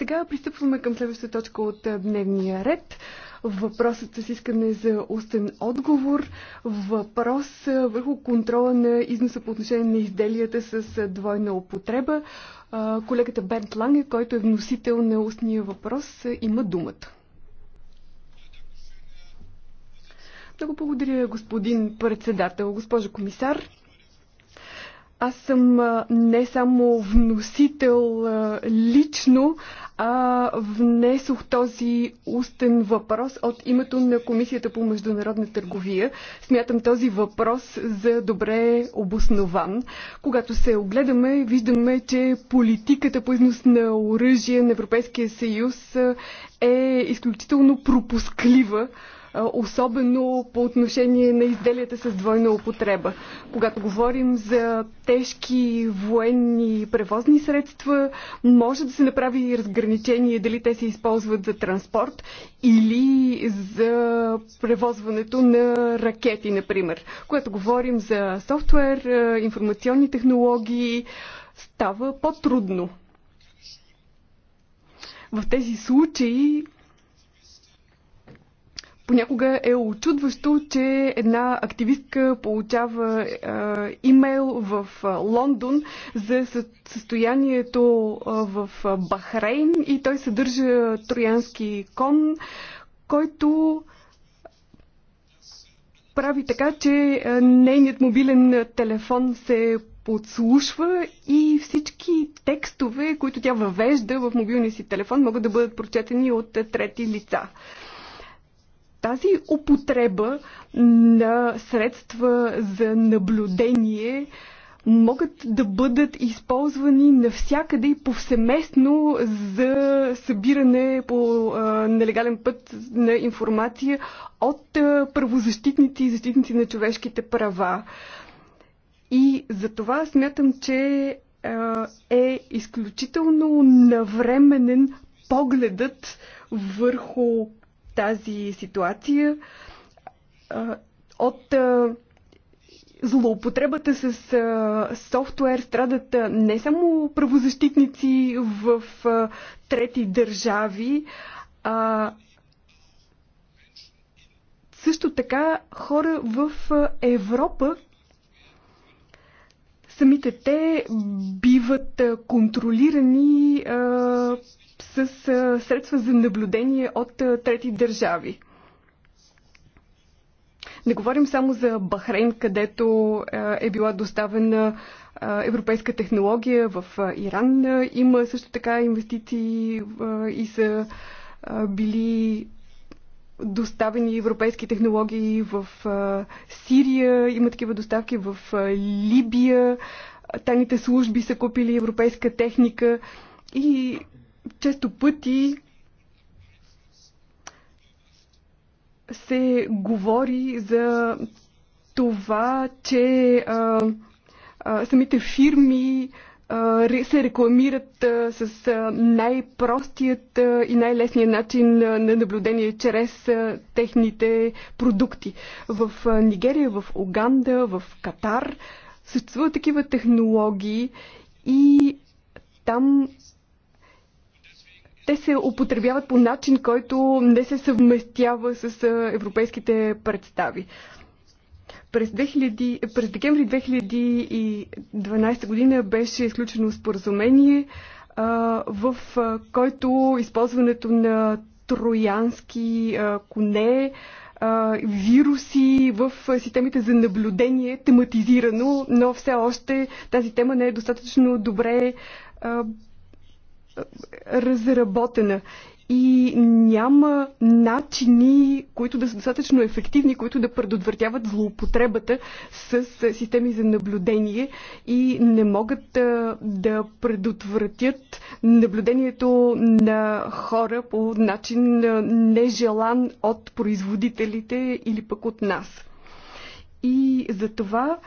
Сега пристъпваме към следващата точка от дневния ред. Въпросът с искане за устен отговор. Въпрос върху контрола на износа по отношение на изделията с двойна употреба. Колегата Бент Ланге, който е вносител на устния въпрос, има думата. Много благодаря, господин председател, госпожо комисар. Аз съм не само вносител лично, а внесох този устен въпрос от името на Комисията по международна търговия. Смятам този въпрос за добре обоснован. Когато се огледаме, виждаме, че политиката по износ на оръжие на Европейския съюз е изключително пропусклива особено по отношение на изделията с двойна употреба. Когато говорим за тежки военни превозни средства, може да се направи разграничение дали те се използват за транспорт или за превозването на ракети, например. Когато говорим за софтуер, информационни технологии, става по-трудно. В тези случаи Понякога е очудващо, че една активистка получава е, имейл в Лондон за състоянието в Бахрейн и той съдържа троянски кон, който прави така, че нейният мобилен телефон се подслушва и всички текстове, които тя въвежда в мобилния си телефон, могат да бъдат прочетени от трети лица тази употреба на средства за наблюдение могат да бъдат използвани навсякъде и повсеместно за събиране по а, нелегален път на информация от а, правозащитници и защитници на човешките права. И за това смятам, че а, е изключително навременен погледът върху тази ситуация от злоупотребата с софтуер страдат не само правозащитници в трети държави, а също така хора в Европа, самите те биват контролирани с средства за наблюдение от трети държави. Не говорим само за Бахрейн, където е била доставена европейска технология. В Иран има също така инвестиции и са били доставени европейски технологии в Сирия, има такива доставки в Либия, тайните служби са купили европейска техника и често пъти се говори за това, че а, а, самите фирми а, се рекламират а, с най-простият и най-лесният начин а, на наблюдение чрез а, техните продукти. В а, Нигерия, в Уганда, в Катар съществуват такива технологии и там те се употребяват по начин, който не се съвместява с европейските представи. През, 2000, през декември 2012 година беше изключено споразумение, в който използването на троянски коне, вируси в системите за наблюдение тематизирано, но все още тази тема не е достатъчно добре разработена и няма начини, които да са достатъчно ефективни, които да предотвратяват злоупотребата с системи за наблюдение и не могат да предотвратят наблюдението на хора по начин нежелан от производителите или пък от нас. И затова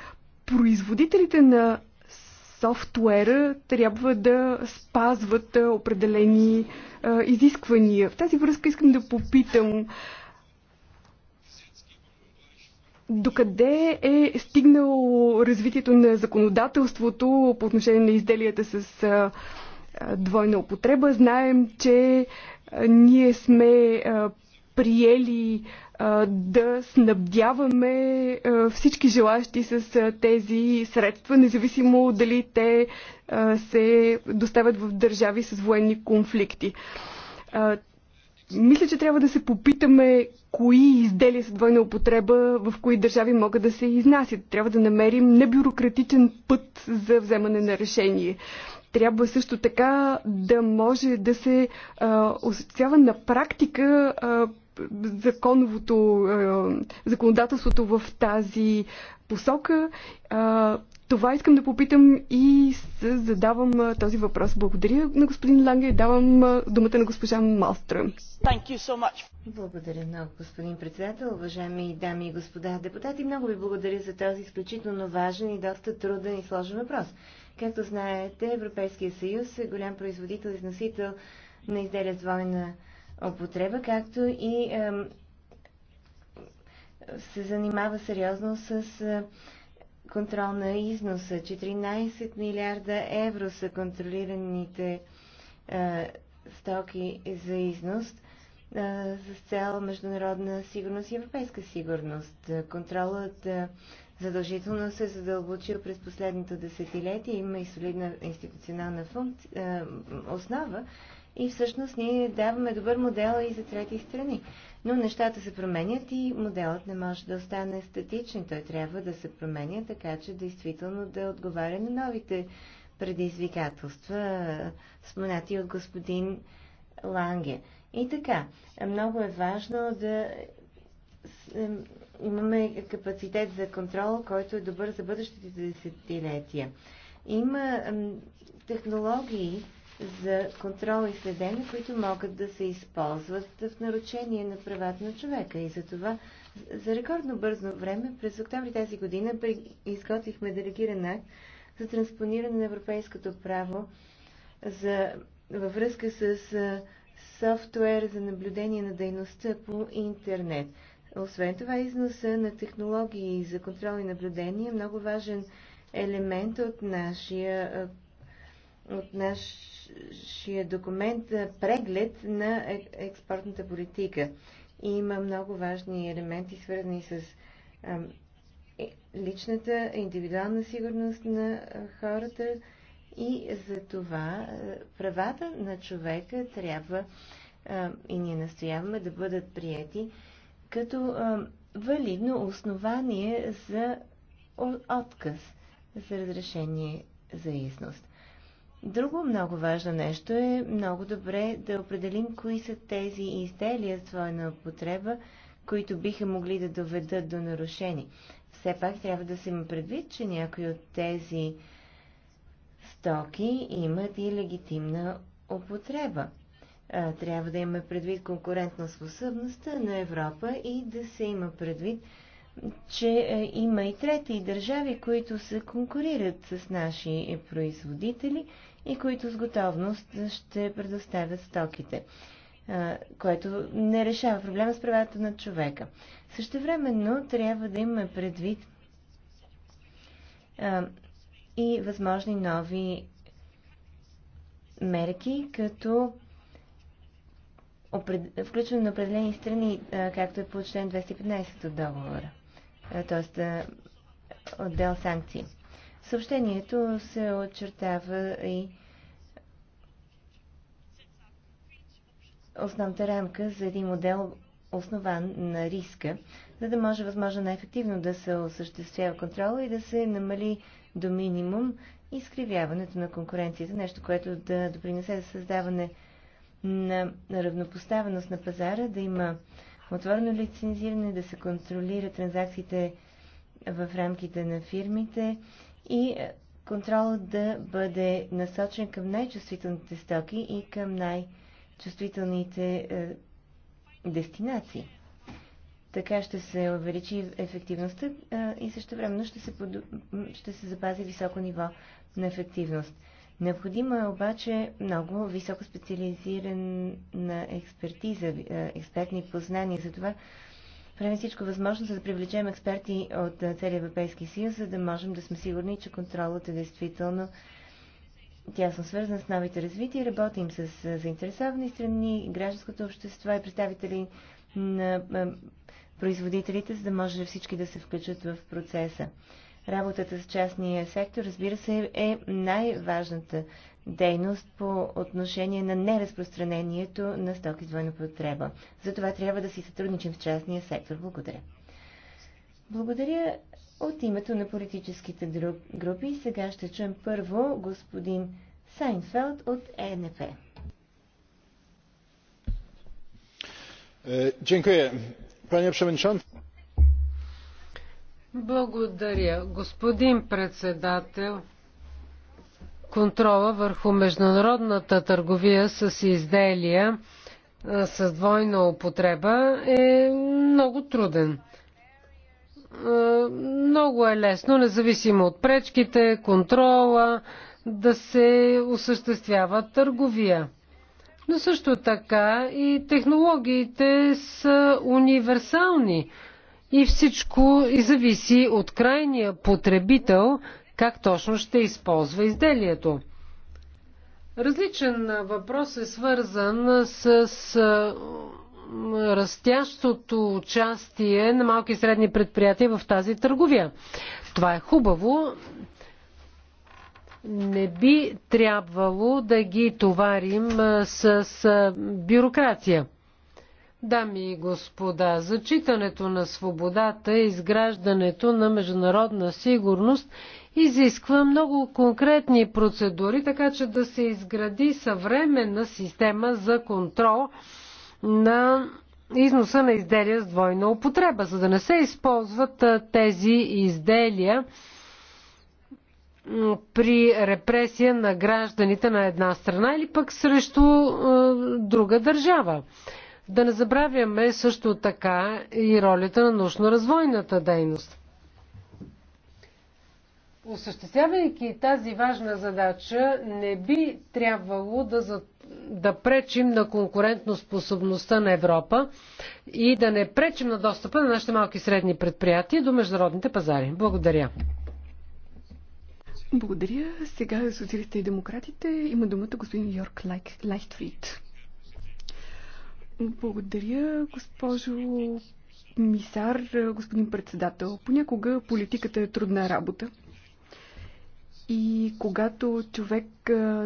производителите на софтуера трябва да спазват определени изисквания. В тази връзка искам да попитам докъде е стигнало развитието на законодателството по отношение на изделията с двойна употреба. Знаем, че ние сме приели да снабдяваме всички желащи с тези средства, независимо дали те се доставят в държави с военни конфликти. Мисля, че трябва да се попитаме кои изделия с двойна употреба в кои държави могат да се изнасят. Трябва да намерим небюрократичен път за вземане на решение. Трябва също така да може да се осъществява на практика а, законовото, е, законодателството в тази посока. Това искам да попитам и задавам този въпрос. Благодаря на господин Ланге и давам думата на госпожа Малстръм. So благодаря много, господин председател, уважаеми дами и господа депутати. Много ви благодаря за този изключително важен и доста труден и сложен въпрос. Както знаете, Европейския съюз е голям производител и износител на изделия с двойна употреба, както и е, се занимава сериозно с е, контрол на износа. 14 милиарда евро са контролираните е, стоки за износ с цел международна сигурност и европейска сигурност. Контролът задължително се е задълбочил през последното десетилетие, има и солидна институционална функция, основа, и всъщност ние даваме добър модел и за трети страни. Но нещата се променят и моделът не може да остане статичен. Той трябва да се променя така, че действително да отговаря на новите предизвикателства, споменати от господин Ланге. И така, много е важно да имаме капацитет за контрол, който е добър за бъдещите десетилетия. Има технологии, за контрол и следене, които могат да се използват в нарушение на правата на човека. И за това за рекордно бързо време през октомври тази година изготвихме делегиран акт за транспониране на европейското право за, във връзка с софтуер за наблюдение на дейността по интернет. Освен това, износа на технологии за контрол и наблюдение е много важен елемент от нашия от наш нашия документ преглед на е, експортната политика. И има много важни елементи, свързани с е, личната, индивидуална сигурност на хората и за това правата на човека трябва и ние настояваме да бъдат прияти като валидно основание за отказ за разрешение за износ. Друго много важно нещо е много добре да определим кои са тези изделия с двойна употреба, които биха могли да доведат до нарушени. Все пак трябва да се има предвид, че някои от тези стоки имат и легитимна употреба. Трябва да имаме предвид конкурентна способността на Европа и да се има предвид, че има и трети държави, които се конкурират с наши производители и които с готовност ще предоставят стоките, което не решава проблема с правата на човека. Същевременно трябва да имаме предвид и възможни нови мерки, като включване на определени страни, както е по член 215 от договора, т.е. отдел санкции съобщението се очертава и основната рамка за един модел основан на риска, за да може възможно най-ефективно да се осъществява контрола и да се намали до минимум изкривяването на конкуренцията, нещо, което да допринесе за създаване на равнопоставеност на пазара, да има отворено лицензиране, да се контролира транзакциите в рамките на фирмите и е, контролът да бъде насочен към най-чувствителните стоки и към най-чувствителните е, дестинации. Така ще се увеличи ефективността е, и също времено ще се, под... ще се запази високо ниво на ефективност. Необходима е обаче много високо специализирана експертиза, е, експертни познания за това правим всичко възможно, за да привлечем експерти от целия Европейски съюз, за да можем да сме сигурни, че контролът е действително тясно свързан с новите развития. Работим с заинтересовани страни, гражданското общество и представители на производителите, за да може всички да се включат в процеса. Работата с частния сектор, разбира се, е най-важната дейност по отношение на неразпространението на стоки с двойна потреба. Затова трябва да си сътрудничим с частния сектор. Благодаря. Благодаря от името на политическите групи. Сега ще чуем първо господин Сайнфелд от ЕНП. Dziękuję. Panie Przewodniczący. Благодаря. Господин председател, контрола върху международната търговия с изделия с двойна употреба е много труден. Много е лесно, независимо от пречките, контрола, да се осъществява търговия. Но също така и технологиите са универсални и всичко и зависи от крайния потребител как точно ще използва изделието. Различен въпрос е свързан с растящото участие на малки и средни предприятия в тази търговия. Това е хубаво. Не би трябвало да ги товарим с бюрокрация. Дами и господа, зачитането на свободата и изграждането на международна сигурност изисква много конкретни процедури, така че да се изгради съвременна система за контрол на износа на изделия с двойна употреба, за да не се използват тези изделия при репресия на гражданите на една страна или пък срещу друга държава. Да не забравяме също така и ролята на научно-развойната дейност. Осъществявайки тази важна задача, не би трябвало да, за, да пречим на конкурентоспособността на Европа и да не пречим на достъпа на нашите малки и средни предприятия до международните пазари. Благодаря. Благодаря. Сега социалистите и демократите има думата господин Йорк Лайк, Лайхтфрид. Благодаря, госпожо мисар, господин председател. Понякога политиката е трудна работа. И когато човек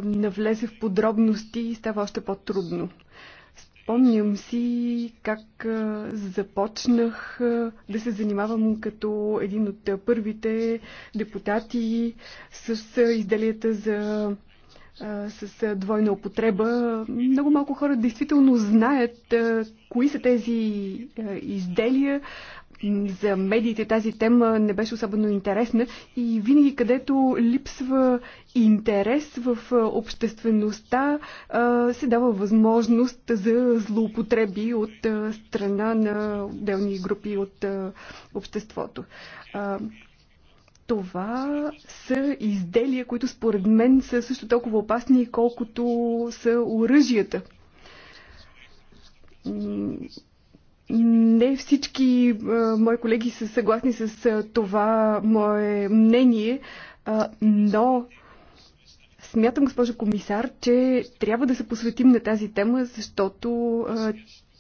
навлезе в подробности, става още по-трудно. Спомням си как започнах да се занимавам като един от първите депутати с изделията за с двойна употреба. Много малко хора действително знаят кои са тези изделия. За медиите тази тема не беше особено интересна и винаги където липсва интерес в обществеността се дава възможност за злоупотреби от страна на отделни групи от обществото това са изделия, които според мен са също толкова опасни, колкото са оръжията. Не всички а, мои колеги са съгласни с а, това мое мнение, а, но смятам, госпожо комисар, че трябва да се посветим на тази тема, защото а,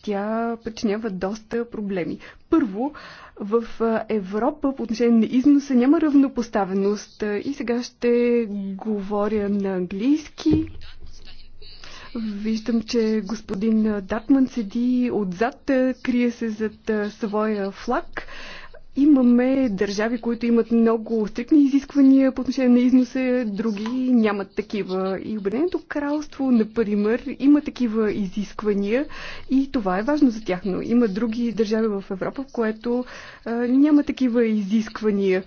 тя причинява доста проблеми. Първо, в Европа по отношение на износа няма равнопоставеност. И сега ще говоря на английски. Виждам, че господин Датман седи отзад, крие се зад своя флаг Имаме държави, които имат много стрикни изисквания по отношение на износа, други нямат такива. И Обединеното кралство, например, има такива изисквания и това е важно за тях, но има други държави в Европа, в което а, няма такива изисквания.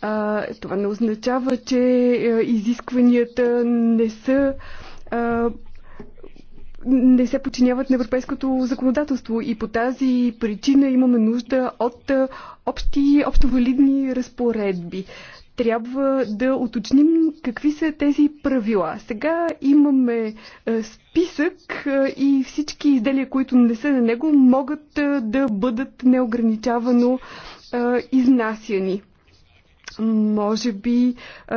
А, това не означава, че а, изискванията не са а, не се подчиняват на европейското законодателство и по тази причина имаме нужда от общи, общовалидни разпоредби. Трябва да уточним какви са тези правила. Сега имаме списък и всички изделия, които не са на него, могат да бъдат неограничавано изнасяни. Може би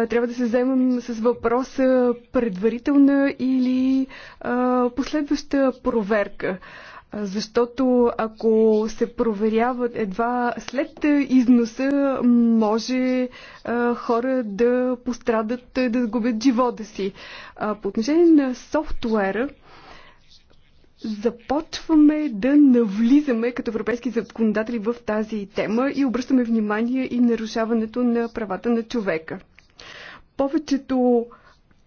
трябва да се вземем с въпроса предварителна или последваща проверка. Защото ако се проверяват едва след износа, може хора да пострадат, да губят живота си. По отношение на софтуера, започваме да навлизаме като европейски законодатели в тази тема и обръщаме внимание и нарушаването на правата на човека. Повечето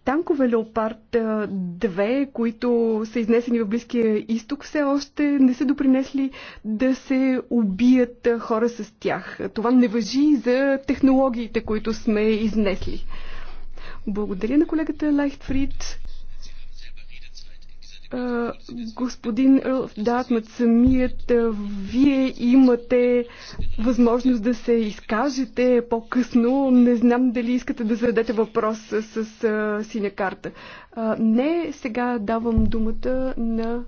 танкове Леопард 2, които са изнесени в Близкия изток, все още не са допринесли да се убият хора с тях. Това не въжи за технологиите, които сме изнесли. Благодаря на колегата Лайхтфрид господин Датмат, самият вие имате възможност да се изкажете по-късно. Не знам дали искате да зададете въпрос с, с синя карта. не, сега давам думата на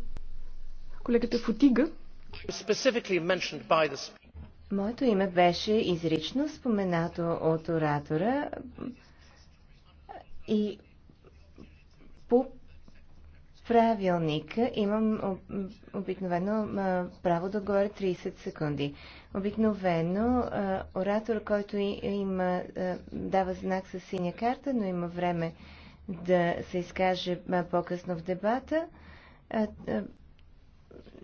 колегата Фотига. Моето име беше изрично споменато от оратора и по правилника имам обикновено право да отговоря 30 секунди. Обикновено оратор, който има, дава знак с синя карта, но има време да се изкаже по-късно в дебата,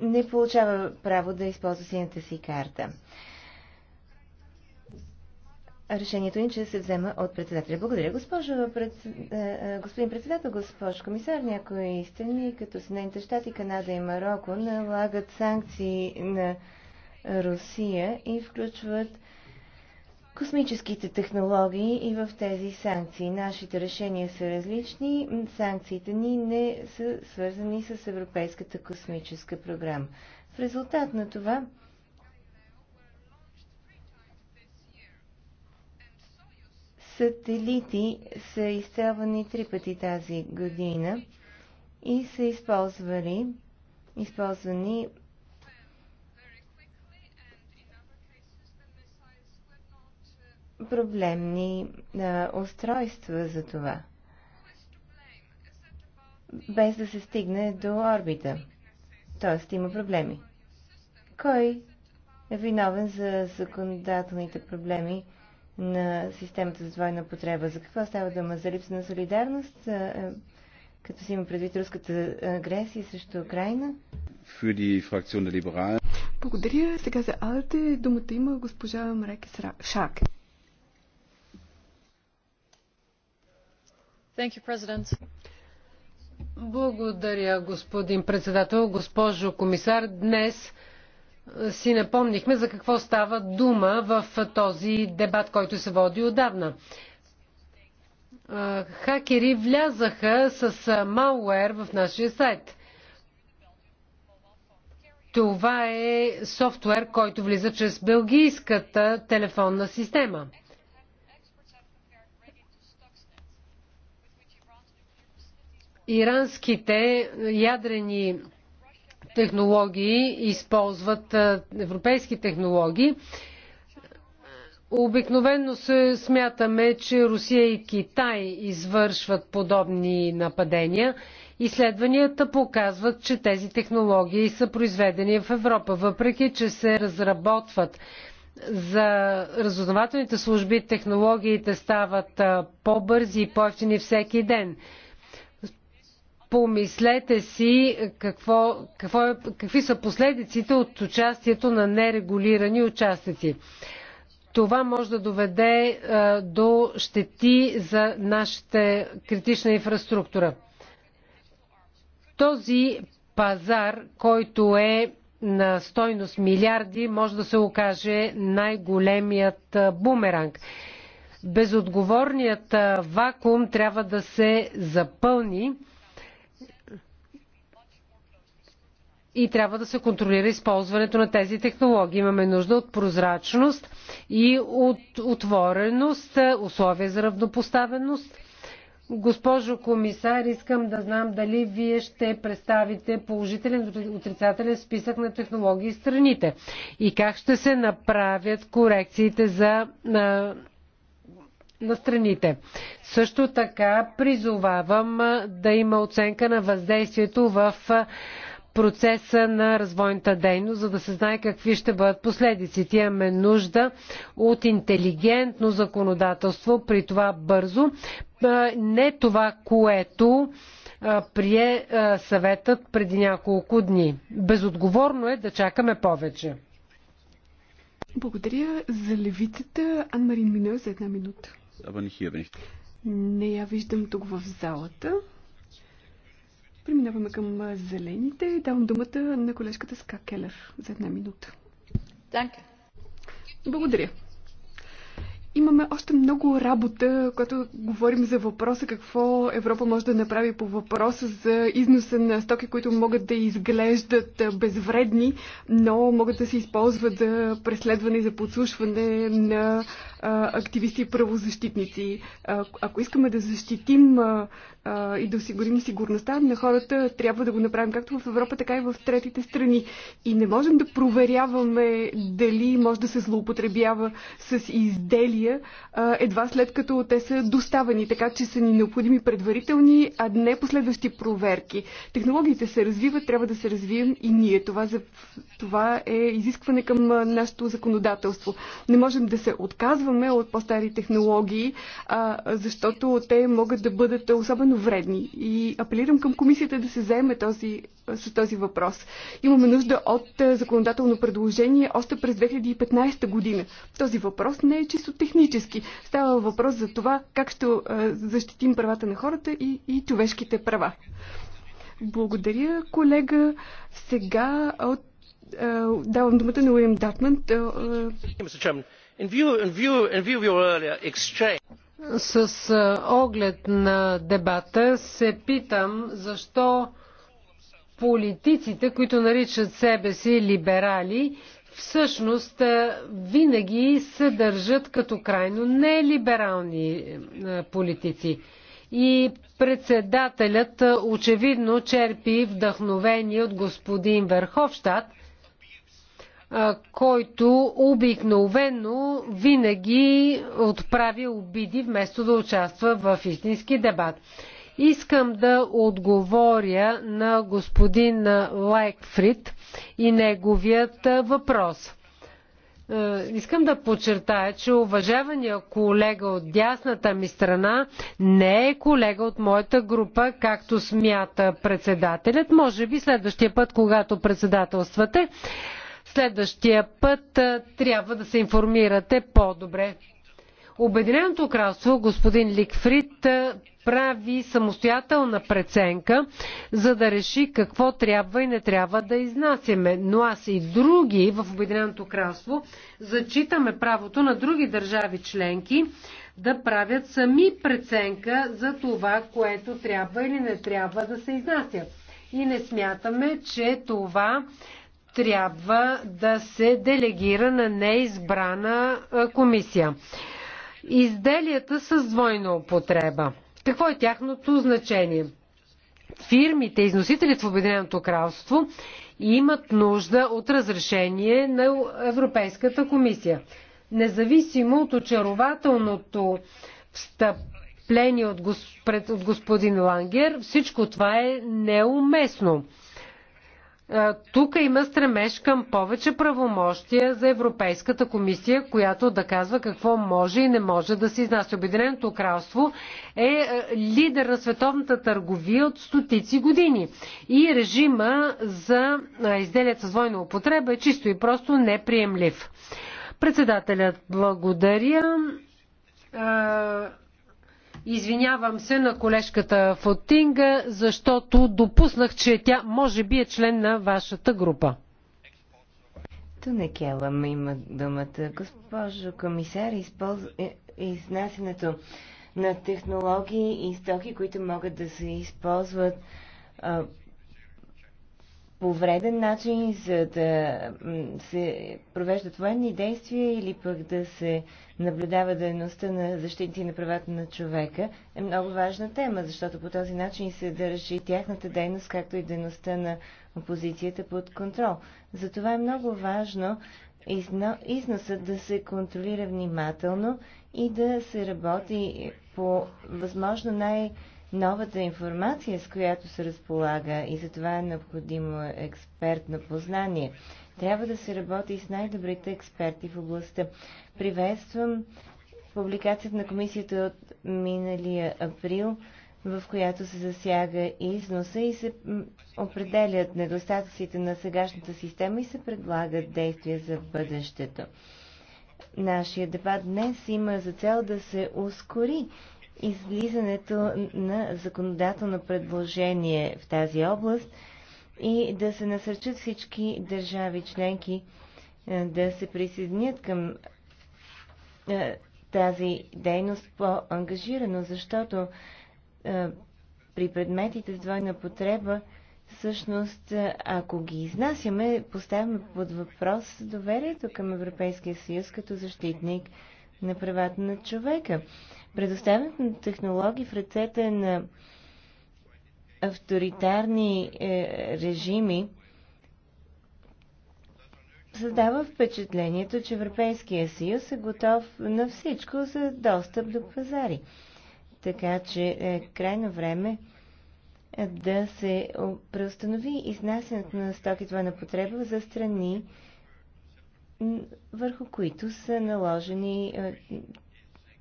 не получава право да използва синята си карта решението ни, че да се взема от председателя. Благодаря, госпожо, пред... Е, е, господин председател, госпожо комисар. Някои страни, като Съединените щати, Канада и Марокко, налагат санкции на Русия и включват космическите технологии и в тези санкции. Нашите решения са различни. Санкциите ни не са свързани с Европейската космическа програма. В резултат на това сателити са изстрелвани три пъти тази година и са използвали, използвани проблемни а, устройства за това, без да се стигне до орбита. Тоест има проблеми. Кой е виновен за законодателните проблеми на системата за двойна потреба. За какво става дума? За липса на солидарност, като си има предвид руската агресия срещу Украина? Благодаря. Сега за Алте думата има госпожа Мреке Шак. Thank you, President. Благодаря, господин председател. Госпожо комисар, днес си напомнихме за какво става дума в този дебат, който се води отдавна. Хакери влязаха с malware в нашия сайт. Това е софтуер, който влиза чрез белгийската телефонна система. Иранските ядрени технологии използват европейски технологии. Обикновено се смятаме, че Русия и Китай извършват подобни нападения. Изследванията показват, че тези технологии са произведени в Европа, въпреки че се разработват за разузнавателните служби технологиите стават по-бързи и по-ефтини всеки ден. Помислете си какво, какво е, какви са последиците от участието на нерегулирани участници. Това може да доведе е, до щети за нашата критична инфраструктура. Този пазар, който е на стойност милиарди, може да се окаже най-големият е, бумеранг. Безотговорният вакуум трябва да се запълни. и трябва да се контролира използването на тези технологии. Имаме нужда от прозрачност и от отвореност, условия за равнопоставеност. Госпожо комисар, искам да знам дали вие ще представите положителен отрицателен списък на технологии и страните и как ще се направят корекциите за на, на страните. Също така призовавам да има оценка на въздействието в процеса на развойната дейност, за да се знае какви ще бъдат последиците. Имаме нужда от интелигентно законодателство, при това бързо. Не това, което прие съветът преди няколко дни. Безотговорно е да чакаме повече. Благодаря за левицата Анмарин Мино за една минута. Не я виждам тук в залата. Преминаваме към зелените. Давам думата на колежката Ска Келер за една минута. Благодаря. Имаме още много работа, когато говорим за въпроса какво Европа може да направи по въпроса за износа на стоки, които могат да изглеждат безвредни, но могат да се използват за преследване и за подслушване на активисти и правозащитници. Ако искаме да защитим и да осигурим сигурността на хората, трябва да го направим както в Европа, така и в третите страни. И не можем да проверяваме дали може да се злоупотребява с изделия енергия едва след като те са доставени, така че са ни необходими предварителни, а не последващи проверки. Технологиите се развиват, трябва да се развием и ние. Това, за, това е изискване към нашето законодателство. Не можем да се отказваме от по-стари технологии, а, защото те могат да бъдат особено вредни. И апелирам към комисията да се заеме този, с този въпрос. Имаме нужда от законодателно предложение още през 2015 година. Този въпрос не е чисто технология технически. Става въпрос за това как ще защитим правата на хората и, и човешките права. Благодаря, колега. Сега от, давам думата на Уилям Датман. С оглед на дебата се питам защо политиците, които наричат себе си либерали, всъщност винаги се държат като крайно нелиберални политици. И председателят очевидно черпи вдъхновение от господин Верховщад, който обикновено винаги отправи обиди вместо да участва в истински дебат. Искам да отговоря на господин Лайкфрид и неговият въпрос. Искам да подчертая, че уважавания колега от дясната ми страна не е колега от моята група, както смята председателят. Може би следващия път, когато председателствате, следващия път трябва да се информирате по-добре. Обединеното кралство, господин Ликфрид, прави самостоятелна преценка, за да реши какво трябва и не трябва да изнасяме. Но аз и други в Обединеното кралство зачитаме правото на други държави членки да правят сами преценка за това, което трябва или не трябва да се изнася. И не смятаме, че това трябва да се делегира на неизбрана комисия изделията с двойна употреба. Какво е тяхното значение? Фирмите, износителите в Обединеното кралство имат нужда от разрешение на Европейската комисия. Независимо от очарователното встъпление от, господин Лангер, всичко това е неуместно. Тук има стремеж към повече правомощия за Европейската комисия, която да казва какво може и не може да се изнася. Обединеното кралство е лидер на световната търговия от стотици години и режима за изделят с двойна употреба е чисто и просто неприемлив. Председателят благодаря. Извинявам се на колежката Фотинга, защото допуснах, че тя може би е член на вашата група. Тунекела има думата. Госпожо комисар, използ... Е, изнасянето на технологии и стоки, които могат да се използват а, по вреден начин, за да се провеждат военни действия или пък да се наблюдава дейността на защитите на правата на човека, е много важна тема, защото по този начин се държи тяхната дейност, както и дейността на опозицията под контрол. Затова е много важно износът да се контролира внимателно и да се работи по възможно най- новата информация, с която се разполага и за това е необходимо експертно познание. Трябва да се работи и с най-добрите експерти в областта. Приветствам публикацията на комисията от миналия април, в която се засяга износа и се определят недостатъците на сегашната система и се предлагат действия за бъдещето. Нашия дебат днес има за цел да се ускори излизането на законодателно предложение в тази област и да се насърчат всички държави членки е, да се присъединят към е, тази дейност по-ангажирано, защото е, при предметите с двойна потреба, всъщност, ако ги изнасяме, поставяме под въпрос доверието към Европейския съюз като защитник на правата на човека. Предоставянето на технологии в ръцете на авторитарни е, режими създава впечатлението, че Европейския съюз е готов на всичко за достъп до пазари. Така че е крайно време да се преустанови изнасянето на стоки това е на потреба за страни, върху които са наложени е,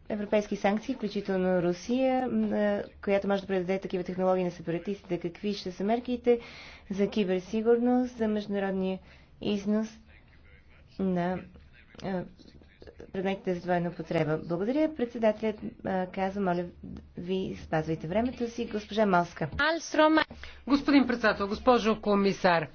европейски санкции, включително Русия, която може да предаде такива технологии на сепаратистите. Какви ще са мерките за киберсигурност, за международния износ на предметите за двойна потреба. Благодаря. Председателят казва, моля ви, спазвайте времето си. Госпожа Малска. Господин председател, госпожо комисар,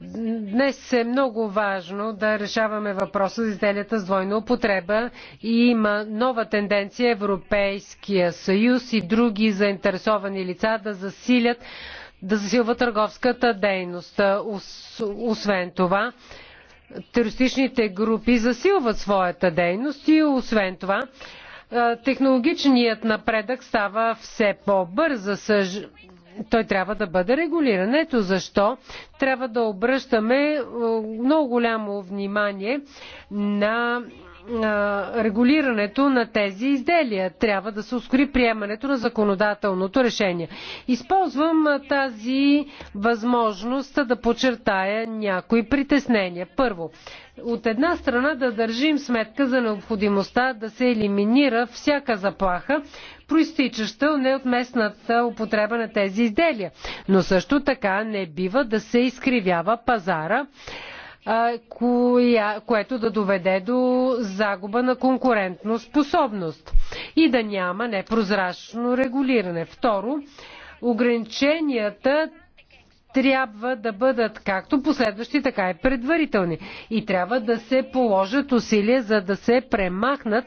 Днес е много важно да решаваме въпроса за изделията с двойна употреба и има нова тенденция Европейския съюз и други заинтересовани лица да засилят да засилва търговската дейност. Освен това, терористичните групи засилват своята дейност и освен това технологичният напредък става все по-бърз. За, съж той трябва да бъде регулиран. Ето защо трябва да обръщаме е, много голямо внимание на регулирането на тези изделия. Трябва да се ускори приемането на законодателното решение. Използвам тази възможност да подчертая някои притеснения. Първо, от една страна да държим сметка за необходимостта да се елиминира всяка заплаха, проистичаща не от местната употреба на тези изделия. Но също така не бива да се изкривява пазара коя, което да доведе до загуба на конкурентно способност и да няма непрозрачно регулиране. Второ, ограниченията трябва да бъдат както последващи, така и предварителни. И трябва да се положат усилия, за да се премахнат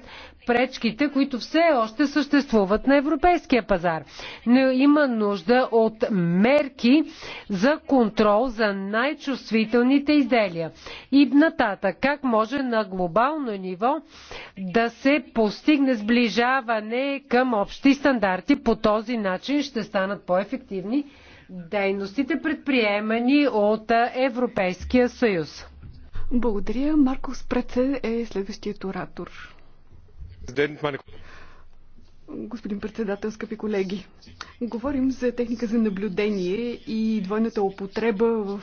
пречките, които все още съществуват на европейския пазар. Но има нужда от мерки за контрол за най-чувствителните изделия. И нататък, как може на глобално ниво да се постигне сближаване към общи стандарти, по този начин ще станат по-ефективни дейностите предприемани от Европейския съюз. Благодаря. Марко Спреце е следващият оратор. Господин председател, скъпи колеги, говорим за техника за наблюдение и двойната употреба в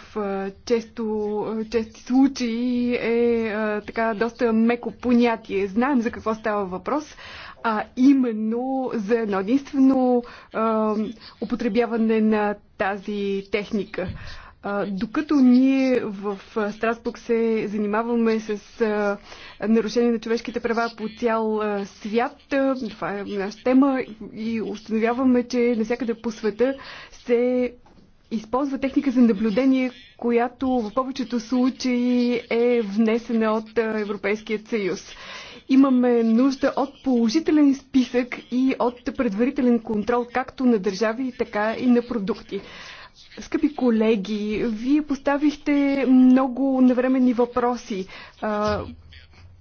често, чести случаи е така доста меко понятие. Знаем за какво става въпрос, а именно за едно единствено употребяване на тази техника. Докато ние в Страсбург се занимаваме с нарушение на човешките права по цял свят, това е наша тема и установяваме, че навсякъде по света се използва техника за наблюдение, която в повечето случаи е внесена от Европейският съюз. Имаме нужда от положителен списък и от предварителен контрол както на държави, така и на продукти. Скъпи колеги, вие поставихте много навременни въпроси.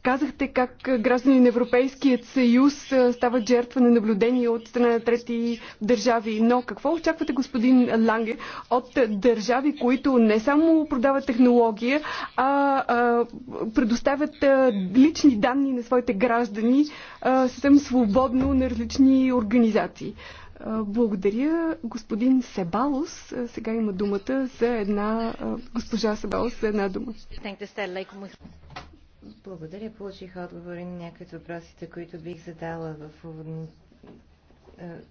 Казахте как граждани на Европейският съюз стават жертва на наблюдение от страна на трети държави. Но какво очаквате, господин Ланге, от държави, които не само продават технология, а, а предоставят а, лични данни на своите граждани а, съвсем свободно на различни организации? благодаря, господин Себалос. Сега има думата за една... Госпожа Себалос за една дума. Благодаря. Получих отговори на някои от въпросите, които бих задала в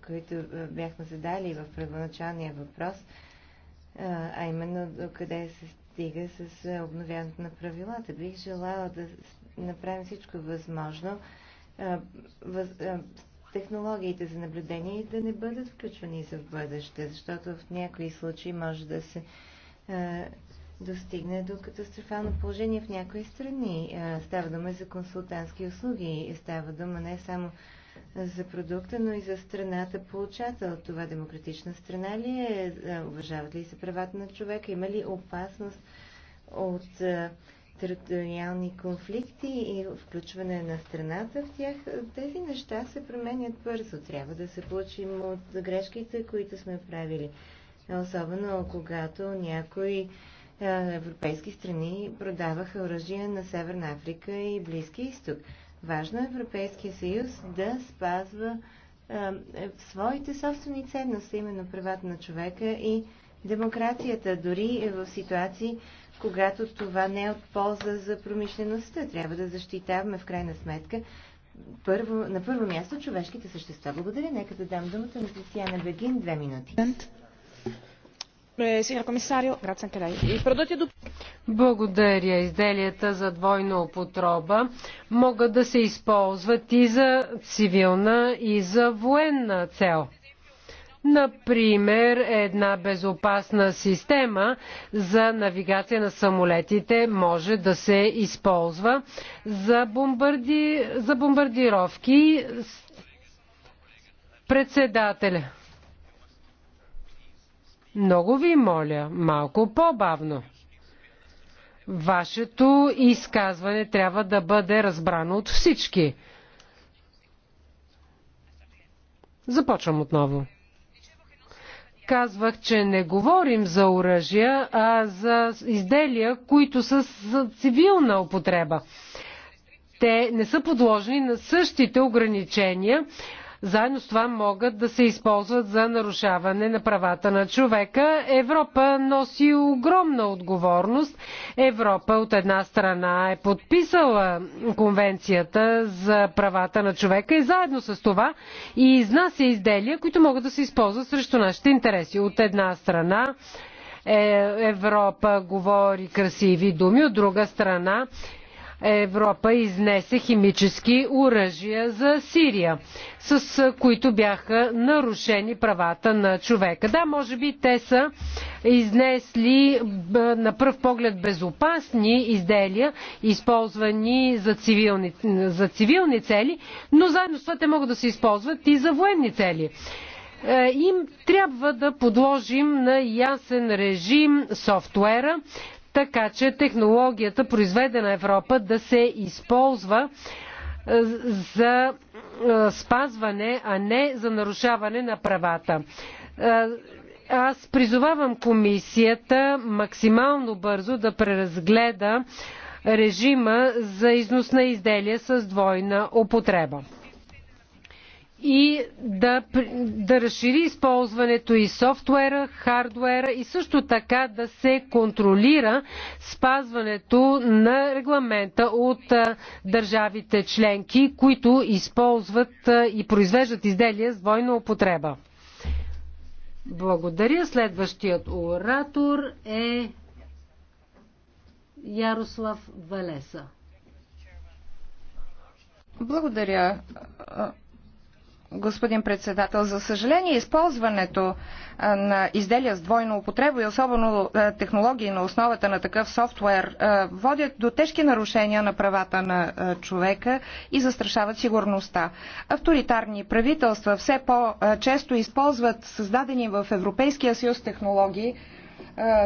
които бяхме задали в първоначалния въпрос, а именно до къде се стига с обновяването на правилата. Бих желала да направим всичко възможно технологиите за наблюдение да не бъдат включвани за в бъдеще, защото в някои случаи може да се достигне до катастрофално положение в някои страни. Става дума за консултантски услуги, става дума не само за продукта, но и за страната получател. Това демократична страна ли е? Уважават ли се правата на човека? Има ли опасност от териториални конфликти и включване на страната в тях? Тези неща се променят бързо. Трябва да се получим от грешките, които сме правили. Особено когато някой. Е, европейски страни продаваха оръжия на Северна Африка и Близки изток. Важно е Европейския съюз да спазва е, е своите собствени ценности, именно правата на човека и демокрацията, дори е в ситуации, когато това не е от полза за промишлеността. Трябва да защитаваме в крайна сметка първо, на първо място човешките същества. Благодаря. Нека да дам думата на Кристияна Бегин. Две минути. Eh, Благодаря. Изделията за двойна употреба могат да се използват и за цивилна, и за военна цел. Например, една безопасна система за навигация на самолетите може да се използва за, бомбарди... за бомбардировки. Председателя. Много ви моля, малко по-бавно. Вашето изказване трябва да бъде разбрано от всички. Започвам отново. Казвах, че не говорим за оръжия, а за изделия, които са за цивилна употреба. Те не са подложени на същите ограничения, заедно с това могат да се използват за нарушаване на правата на човека. Европа носи огромна отговорност. Европа от една страна е подписала конвенцията за правата на човека и заедно с това и изнася е изделия, които могат да се използват срещу нашите интереси. От една страна е, Европа говори красиви думи, от друга страна Европа изнесе химически оръжия за Сирия, с които бяха нарушени правата на човека. Да, може би те са изнесли на пръв поглед безопасни изделия, използвани за цивилни, за цивилни цели, но заедно с това те могат да се използват и за военни цели е, им трябва да подложим на ясен режим софтуера, така че технологията, произведена Европа, да се използва е, за е, спазване, а не за нарушаване на правата. Е, аз призовавам комисията максимално бързо да преразгледа режима за износ на изделия с двойна употреба и да, да разшири използването и софтуера, хардуера и също така да се контролира спазването на регламента от държавите членки, които използват и произвеждат изделия с двойна употреба. Благодаря. Следващият оратор е Ярослав Валеса. Благодаря господин председател. За съжаление, използването на изделия с двойна употреба и особено технологии на основата на такъв софтуер водят до тежки нарушения на правата на човека и застрашават сигурността. Авторитарни правителства все по-често използват създадени в Европейския съюз технологии,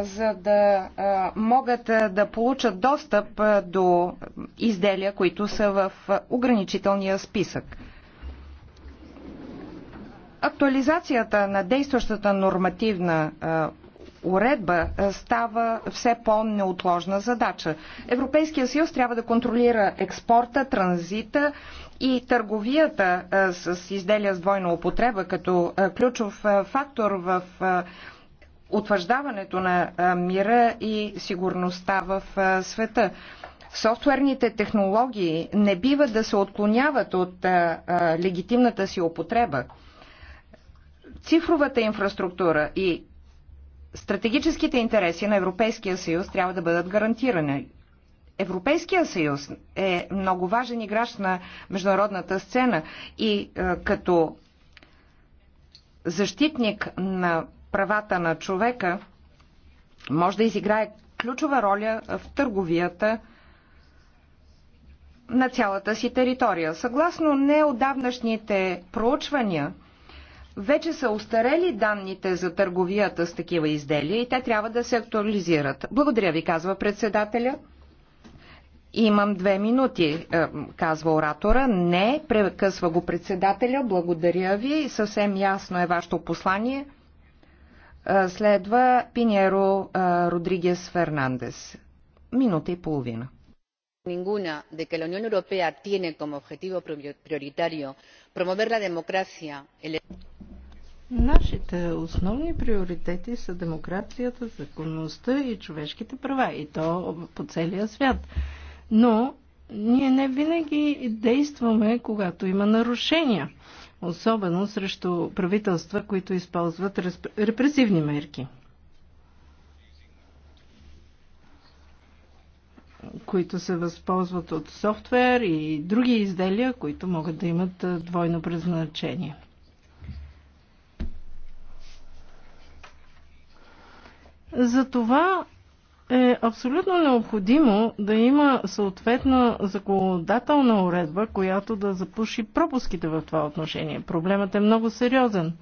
за да могат да получат достъп до изделия, които са в ограничителния списък. Актуализацията на действащата нормативна уредба става все по-неотложна задача. Европейския съюз трябва да контролира експорта, транзита и търговията с изделия с двойна употреба като ключов фактор в утвърждаването на мира и сигурността в света. Софтуерните технологии не бива да се отклоняват от легитимната си употреба цифровата инфраструктура и стратегическите интереси на Европейския съюз трябва да бъдат гарантирани. Европейския съюз е много важен играч на международната сцена и е, като защитник на правата на човека може да изиграе ключова роля в търговията на цялата си територия. Съгласно неодавнашните проучвания, вече са устарели данните за търговията с такива изделия и те трябва да се актуализират. Благодаря ви, казва председателя. Имам две минути, е, казва оратора. Не, прекъсва го председателя. Благодаря ви. Съвсем ясно е вашето послание. Е, следва Пиньеро е, Родригес Фернандес. Минута и половина ninguna de que la unión europea tiene como objetivo prioritario promover la democracia el Нашите основни приоритети са демокрацията, законността и човешките права, и то по целия свят. Но ние не винаги действаме, когато има нарушения, особено срещу правителства, които използват репресивни мерки. които се възползват от софтуер и други изделия, които могат да имат двойно предназначение – Затова е абсолютно необходимо да има съответна законодателна уредба, която да запуши пропуските в това отношение. Проблемът е много сериозен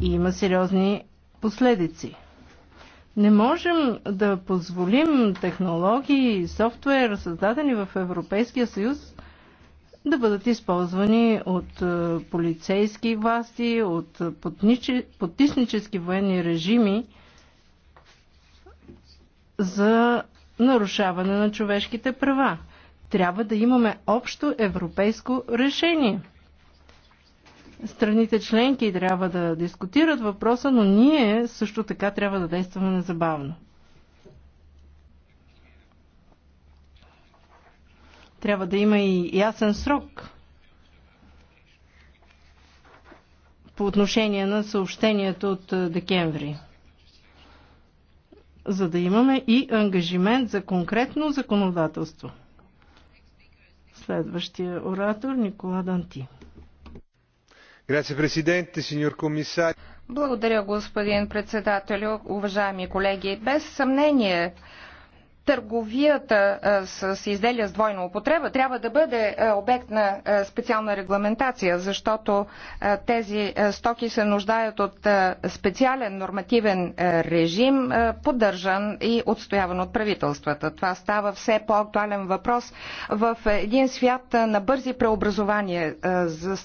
и има сериозни последици. Не можем да позволим технологии и софтуер, създадени в Европейския съюз, да бъдат използвани от е, полицейски власти, от е, потиснически военни режими – за нарушаване на човешките права. Трябва да имаме общо европейско решение. Страните членки трябва да дискутират въпроса, но ние също така трябва да действаме незабавно. Трябва да има и ясен срок по отношение на съобщението от декември за да имаме и ангажимент за конкретно законодателство. Следващия оратор Никола Данти. Благодаря, господин председател, уважаеми колеги. Без съмнение, търговията с изделия с двойна употреба трябва да бъде обект на специална регламентация, защото тези стоки се нуждаят от специален нормативен режим, поддържан и отстояван от правителствата. Това става все по-актуален въпрос в един свят на бързи преобразования за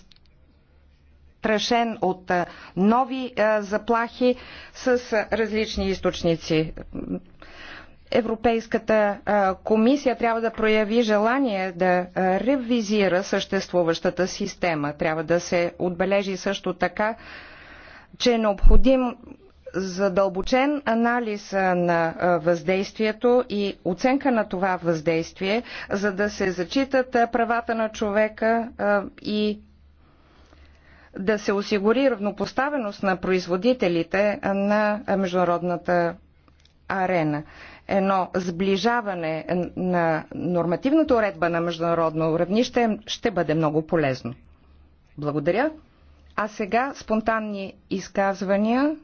страшен от нови заплахи с различни източници. Европейската комисия трябва да прояви желание да ревизира съществуващата система. Трябва да се отбележи също така, че е необходим задълбочен анализ на въздействието и оценка на това въздействие, за да се зачитат правата на човека и да се осигури равнопоставеност на производителите на международната арена едно сближаване на нормативната уредба на международно равнище ще бъде много полезно. Благодаря. А сега спонтанни изказвания.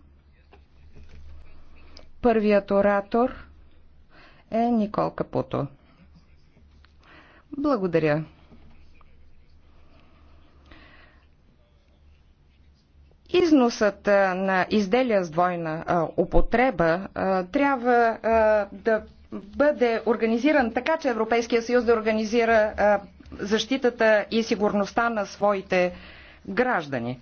Първият оратор е Никол Капуто. Благодаря. Износът на изделия с двойна употреба трябва да бъде организиран така, че Европейския съюз да организира защитата и сигурността на своите граждани.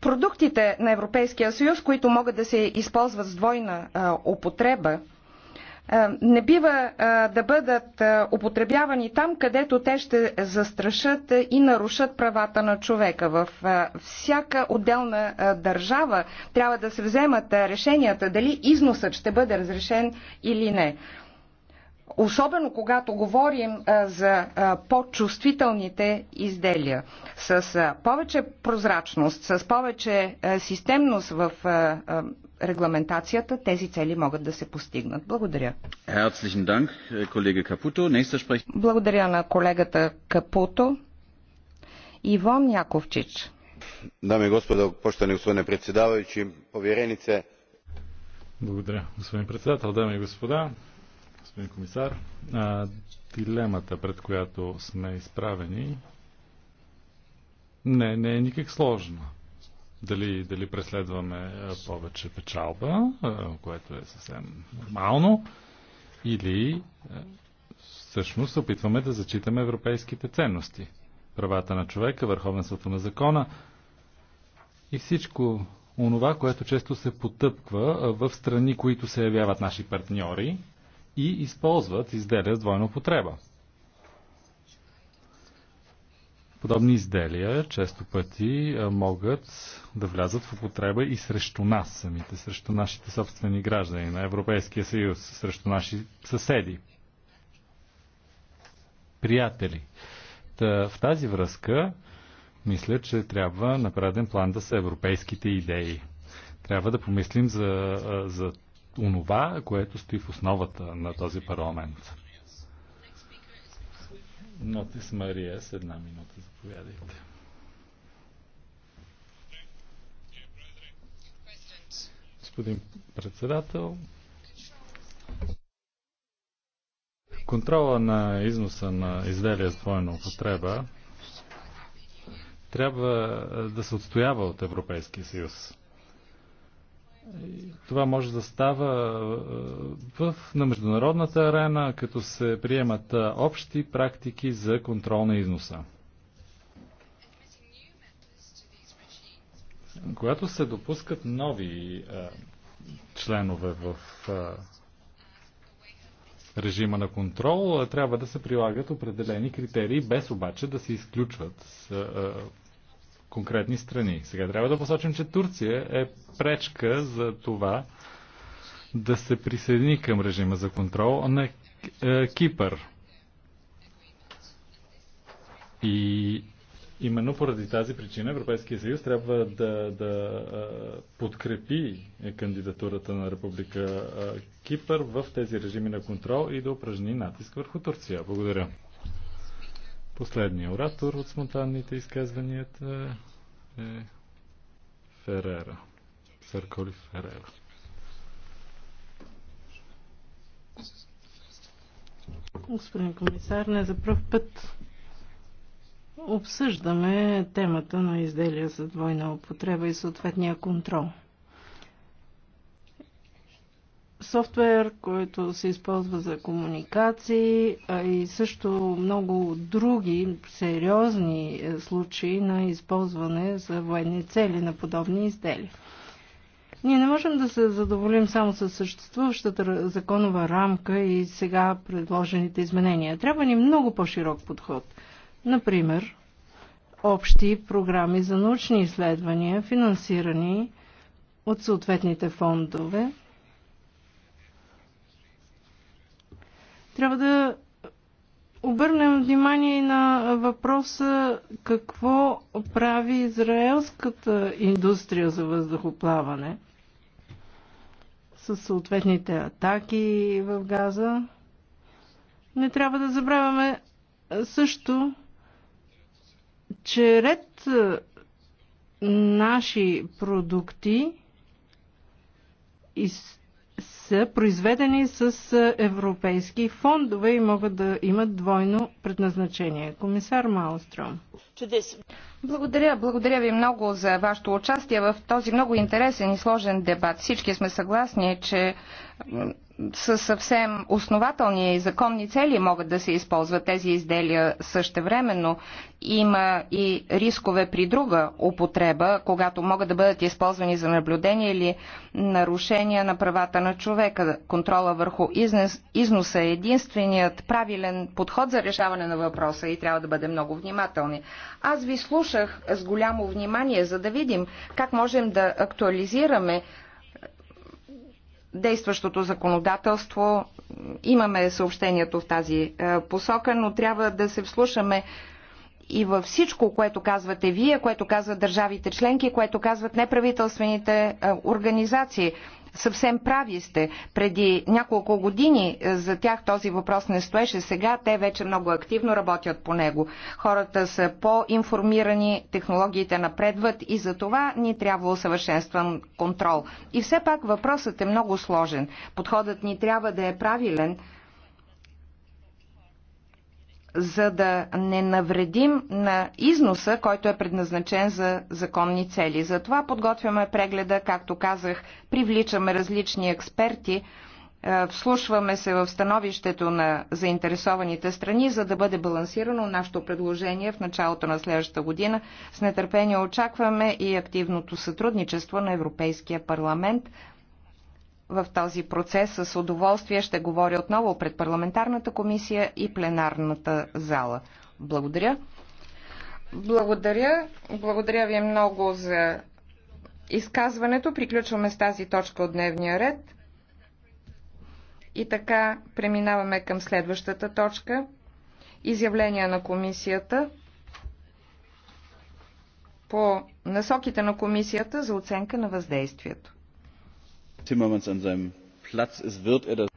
Продуктите на Европейския съюз, които могат да се използват с двойна употреба, е, не бива е, да бъдат е, употребявани там, където те ще застрашат и нарушат правата на човека. В всяка отделна държава трябва да се вземат решенията дали износът ще бъде разрешен или не. Особено когато говорим за по-чувствителните изделия. С повече прозрачност, с повече системност в регламентацията тези цели могат да се постигнат. Благодаря. Э, Благодаря на колегата Капуто. Ивон Яковчич. Дами и господа, почтани господин predsjedavajući, поверенице. Благодаря, господин председател, дами и господа, господин комисар. А, дилемата, пред която сме изправени, не, не е никак сложна дали, дали преследваме е, повече печалба, е, което е съвсем нормално, или е, всъщност опитваме да зачитаме европейските ценности. Правата на човека, върховенството на закона и всичко онова, което често се потъпква в страни, които се явяват наши партньори и използват изделия с двойна употреба. Подобни изделия често пъти могат да влязат в употреба и срещу нас самите, срещу нашите собствени граждани на Европейския съюз, срещу наши съседи, приятели. Та, в тази връзка мисля, че трябва на преден план да са европейските идеи. Трябва да помислим за, за онова, което стои в основата на този парламент. Нотис Мария с една минута. Заповядайте. Господин председател, контрола на износа на изделия с двойна употреба трябва да се отстоява от Европейския съюз. Това може да става в, на международната арена, като се приемат общи практики за контрол на износа. Когато се допускат нови членове в режима на контрол, трябва да се прилагат определени критерии, без обаче да се изключват с, конкретни страни. Сега трябва да посочим, че Турция е пречка за това да се присъедини към режима за контрол на е, Кипър. И именно поради тази причина Европейския съюз трябва да, да е, подкрепи кандидатурата на Република е, Кипър в тези режими на контрол и да упражни натиск върху Турция. Благодаря. Последният оратор от спонтанните изказванията е Ферера. Сърколи Ферера. Господин комисар, не за първ път обсъждаме темата на изделия за двойна употреба и съответния контрол софтуер, който се използва за комуникации а и също много други сериозни е, случаи на използване за военни цели на подобни изделия. Ние не можем да се задоволим само с съществуващата законова рамка и сега предложените изменения. Трябва ни много по-широк подход. Например, общи програми за научни изследвания, финансирани от съответните фондове, Трябва да обърнем внимание и на въпроса какво прави израелската индустрия за въздухоплаване с съответните атаки в Газа. Не трябва да забравяме също, че ред е, наши продукти из са произведени с европейски фондове и могат да имат двойно предназначение. Комисар Малстром. Благодаря, благодаря ви много за вашето участие в този много интересен и сложен дебат. Всички сме съгласни, че със съвсем основателни и законни цели могат да се използват тези изделия същевременно. Има и рискове при друга употреба, когато могат да бъдат използвани за наблюдение или нарушения на правата на човека. Контрола върху износа е единственият правилен подход за решаване на въпроса и трябва да бъдем много внимателни. Аз ви слушах с голямо внимание, за да видим как можем да актуализираме действащото законодателство. Имаме съобщението в тази е, посока, но трябва да се вслушаме и във всичко, което казвате вие, което казват държавите членки, което казват неправителствените е, организации. Съвсем прави сте. Преди няколко години е, за тях този въпрос не стоеше. Сега те вече много активно работят по него. Хората са по-информирани, технологиите напредват и за това ни трябва усъвършенстван контрол. И все пак въпросът е много сложен. Подходът ни трябва да е правилен, за да не навредим на износа, който е предназначен за законни цели. Затова подготвяме прегледа, както казах, привличаме различни експерти, е, вслушваме се в становището на заинтересованите страни, за да бъде балансирано нашето предложение в началото на следващата година. С нетърпение очакваме и активното сътрудничество на Европейския парламент в този процес. С удоволствие ще говоря отново пред парламентарната комисия и пленарната зала. Благодаря. Благодаря. Благодаря ви много за изказването. Приключваме с тази точка от дневния ред. И така преминаваме към следващата точка. Изявление на комисията по насоките на комисията за оценка на въздействието. Timmermans an seinem Platz ist, wird er das.